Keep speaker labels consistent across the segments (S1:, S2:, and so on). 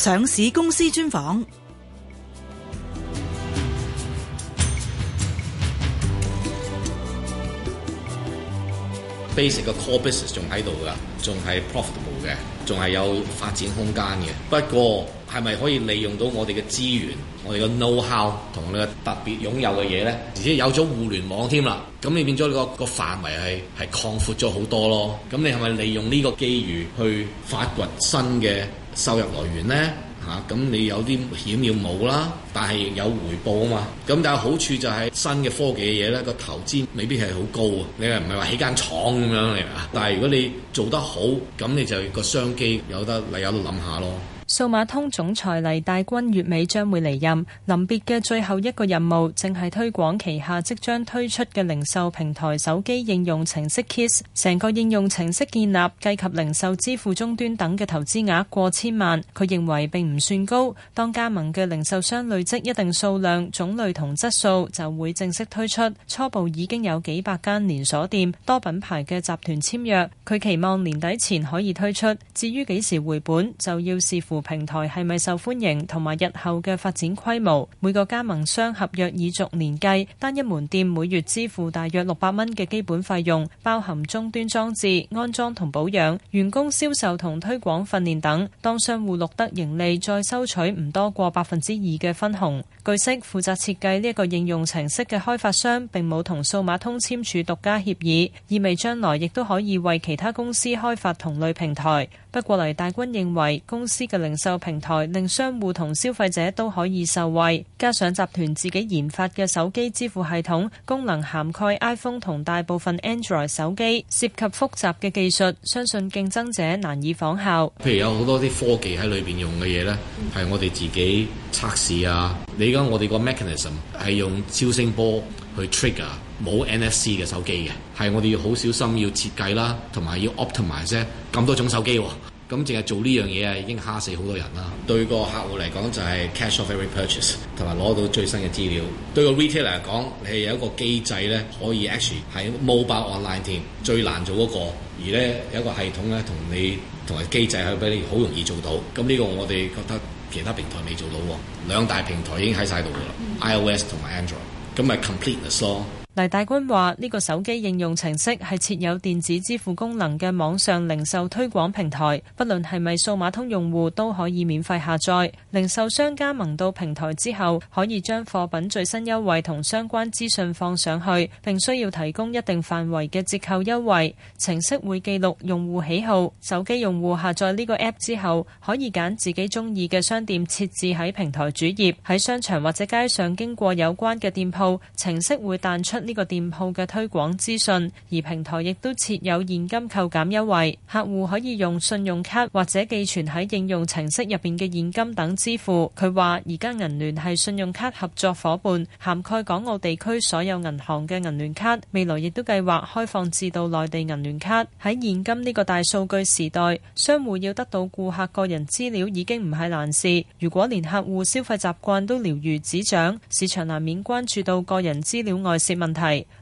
S1: 上市公司專訪
S2: ，basic 嘅 core business 仲喺度噶，仲係 profitable 嘅，仲係有發展空間嘅。不過係咪可以利用到我哋嘅資源，我哋嘅 know how 同我哋嘅特別擁有嘅嘢咧？而且有咗互聯網添啦，咁你變咗你個個範圍係係擴闊咗好多咯。咁你係咪利用呢個機遇去發掘新嘅？收入來源呢，嚇，咁你有啲險要冇啦，但係有回報啊嘛。咁但係好處就係新嘅科技嘅嘢呢，個投資未必係好高啊。你係唔係話起間廠咁樣嚟啊？但係如果你做得好，咁你就個商機有得你有得諗下咯。
S1: 數碼通總裁黎大鈞月尾將會離任，臨別嘅最後一個任務，正係推廣旗下即將推出嘅零售平台手機應用程式 Kiss，成個應用程式建立，計及零售支付終端等嘅投資額過千萬，佢認為並唔算高。當加盟嘅零售商累積一定數量、種類同質素，就會正式推出。初步已經有幾百間連鎖店、多品牌嘅集團簽約，佢期望年底前可以推出。至於幾時回本，就要視乎。平台係咪受歡迎同埋日後嘅發展規模？每個加盟商合約以逐年計，單一門店每月支付大約六百蚊嘅基本費用，包含終端裝置安裝同保養、員工銷售同推廣訓練等。當商戶錄得盈利，再收取唔多過百分之二嘅分紅。據悉，負責設計呢一個應用程式嘅開發商，並冇同數碼通簽署獨家協議，意味將來亦都可以為其他公司開發同類平台。不過黎大鈞認為，公司嘅力零售平台令商戶同消費者都可以受惠，加上集團自己研發嘅手機支付系統，功能涵蓋 iPhone 同大部分 Android 手機，涉及複雜嘅技術，相信競爭者難以仿效。譬如
S2: 有好多啲科技喺裏邊用嘅嘢呢係我哋自己測試啊。你而家我哋個 mechanism 係用超聲波去 trigger，冇 NFC 嘅手機嘅，係我哋要好小心要設計啦，同埋要 optimize 啫。咁多種手機。咁淨係做呢樣嘢啊，已經蝦死好多人啦。對個客戶嚟講就係、是、cash off every purchase，同埋攞到最新嘅資料。對個 retailer 嚟、er、講，你係有一個機制咧可以 actually 喺 mobile online 添，最難做嗰、那個，而咧有一個系統咧同你同埋機制去俾你好容易做到。咁呢個我哋覺得其他平台未做到，兩大平台已經喺晒度噶啦，iOS 同埋 Android，咁咪 complete s,、mm hmm. a
S1: 黎大鈞話：呢個手機應用程式係設有電子支付功能嘅網上零售推廣平台，不論係咪數碼通用戶都可以免費下載。零售商加盟到平台之後，可以將貨品最新優惠同相關資訊放上去，並需要提供一定範圍嘅折扣優惠。程式會記錄用戶喜好，手機用戶下載呢個 App 之後，可以揀自己中意嘅商店設置喺平台主頁。喺商場或者街上經過有關嘅店鋪，程式會彈出。呢個店鋪嘅推廣資訊，而平台亦都設有現金扣減優惠，客戶可以用信用卡或者寄存喺應用程式入邊嘅現金等支付。佢話而家銀聯係信用卡合作夥伴，涵蓋港澳地區所有銀行嘅銀聯卡，未來亦都計劃開放至到內地銀聯卡。喺現今呢個大數據時代，商戶要得到顧客個人資料已經唔係難事，如果連客戶消費習慣都了如指掌，市場難免關注到個人資料外洩問。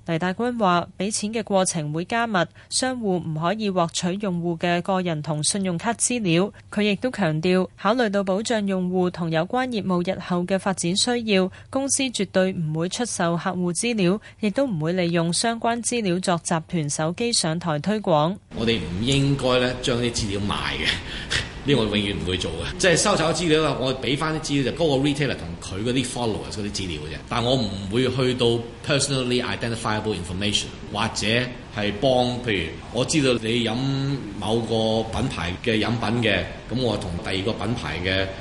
S1: 黎大鈞話，俾錢嘅過程會加密，商戶唔可以獲取用戶嘅個人同信用卡資料。佢亦都強調，考慮到保障用戶同有關業務日後嘅發展需要，公司絕對唔會出售客戶資料，亦都唔會利用相關資料作集團手機上台推廣。
S2: 我哋唔應該咧，將啲資料賣嘅。 呢個我永遠唔會做嘅，即係收集資料啊！我俾翻啲資料就嗰個 retailer 同佢嗰啲 followers 嗰啲資料嘅啫。但我唔會去到 personally identifiable information，或者係幫譬如我知道你飲某個品牌嘅飲品嘅，咁我同第二個品牌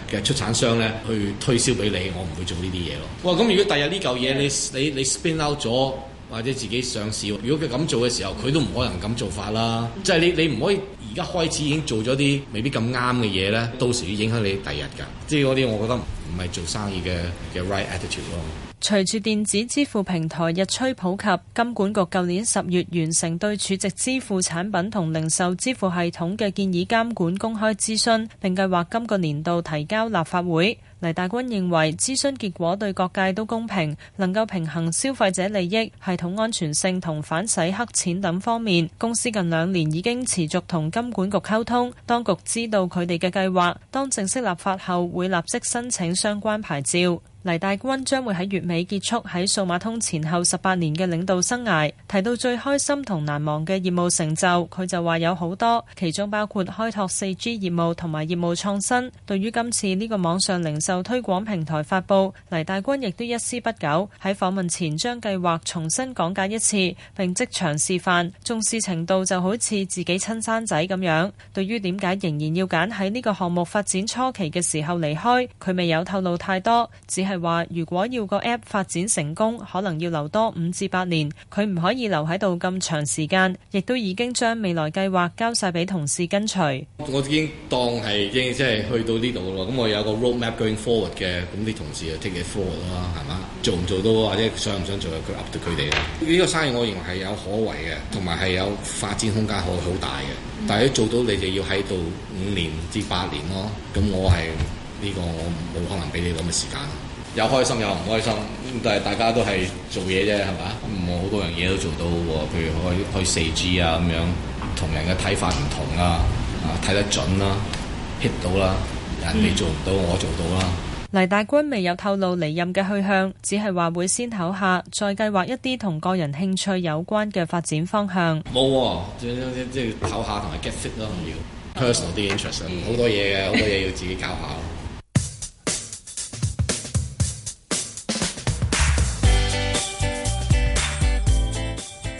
S2: 嘅嘅出產商咧去推銷俾你，我唔會做呢啲嘢咯。哇！咁如果第日呢嚿嘢你你你 spin out 咗，或者自己上市，如果佢咁做嘅時候，佢都唔可能咁做法啦。即係你你唔可以。一開始已經做咗啲未必咁啱嘅嘢咧，到時會影響你第日㗎。即係嗰啲，我覺得唔係做生意嘅嘅 right attitude
S1: 咯。隨住電子支付平台日趨普及，金管局舊年十月完成對儲值支付產品同零售支付系統嘅建議監管公開諮詢，並計劃今個年度提交立法會。黎大鈞認為諮詢結果對各界都公平，能夠平衡消費者利益、系統安全性同反洗黑錢等方面。公司近兩年已經持續同金管局溝通，當局知道佢哋嘅計劃，當正式立法後會立即申請相關牌照。黎大鈞將會喺月尾結束喺數碼通前後十八年嘅領導生涯，提到最開心同難忘嘅業務成就，佢就話有好多，其中包括開拓 4G 業務同埋業務創新。對於今次呢個網上零售推廣平台發布，黎大鈞亦都一絲不苟喺訪問前將計劃重新講解一次，並即場示範，重視程度就好似自己親生仔咁樣。對於點解仍然要揀喺呢個項目發展初期嘅時候離開，佢未有透露太多，只係話如果要個 app 發展成功，可能要留多五至八年。佢唔可以留喺度咁長時間，亦都已經將未來計劃交晒俾同事跟隨。
S2: 我已經當係已經即係去到呢度咯。咁我有個 roadmap going forward 嘅，咁啲同事就 take it forward 啦，係嘛？做唔做到或者想唔想做，佢 up to 佢哋啦。呢個生意我認為係有可為嘅，同埋係有發展空間，可好大嘅。但係做到你就要喺度五年至八年咯。咁我係呢個我冇可能俾你咁嘅時間。有開心有唔開心，但係大家都係做嘢啫，係嘛？唔好多樣嘢都做到喎，譬如開開 4G 啊咁樣，同人嘅睇法唔同啊，睇得準啦，啊，hit 到啦，啊，人哋做唔到我做到啦。
S1: 黎大鈞未有透露離任嘅去向，只係話會先唞下，再計劃一啲同個人興趣有關嘅發展方向。
S2: 冇、啊，即即即唞下同埋 get fit 咯，要 personal 啲 interest，好多嘢嘅，好多嘢要自己搞下。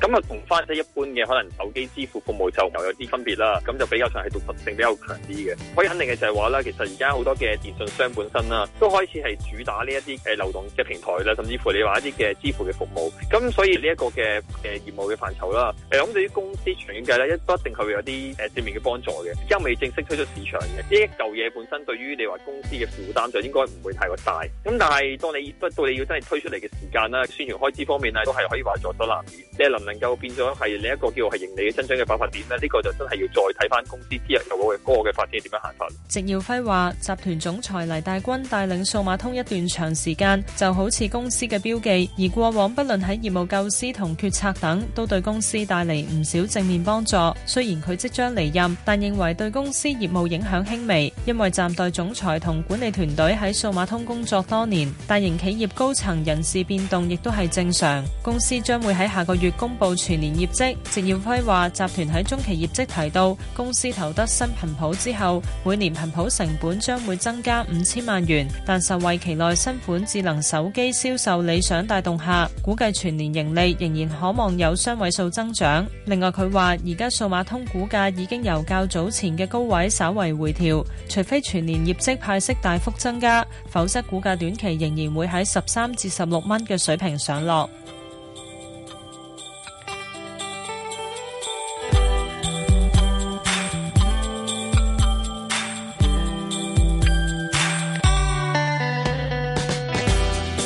S2: 咁啊，同花式一般嘅可能手機支付服務就又有啲分別啦。咁就比較上係獨特性比較強啲嘅。可以肯定嘅就係話啦，其實而家好多嘅電信商本身啦、啊，都開始係主打呢一啲誒流動嘅平台啦，甚至乎你話一啲嘅支付嘅服務。咁所以呢一個嘅誒業務嘅範疇啦，誒咁對於公司長遠計咧，一不一定係有啲誒正面嘅幫助嘅。因為未正式推出市場嘅呢一舊嘢本身對於你話公司嘅負擔就應該唔會太過大。咁但係當你不到你要真係推出嚟嘅時間啦，宣傳開支方面啊，都係可以話在所難免。你能唔能夠變咗係另一個叫係盈利嘅增長嘅爆發點呢？呢、呢個就真係要再睇翻公司之後有個嘅個嘅發展點樣行法。
S1: 席耀輝話：集團總裁黎大鈞帶領數碼通一段長時間，就好似公司嘅標記，而過往不論喺業務構思同決策等，都對公司帶嚟唔少正面幫助。雖然佢即將離任，但認為對公司業務影響輕微，因為暫代總裁同管理團隊喺數碼通工作多年，大型企業高層人事變動亦都係正常。公司將會喺下個月，公佈全年業績，謝耀輝話：集團喺中期業績提到，公司投得新頻譜之後，每年頻譜成本將會增加五千萬元。但受惠期內新款智能手機銷售理想帶動下，估計全年盈利仍然可望有雙位數增長。另外，佢話而家數碼通股價已經由較早前嘅高位稍為回調，除非全年業績派息大幅增加，否則股價短期仍然會喺十三至十六蚊嘅水平上落。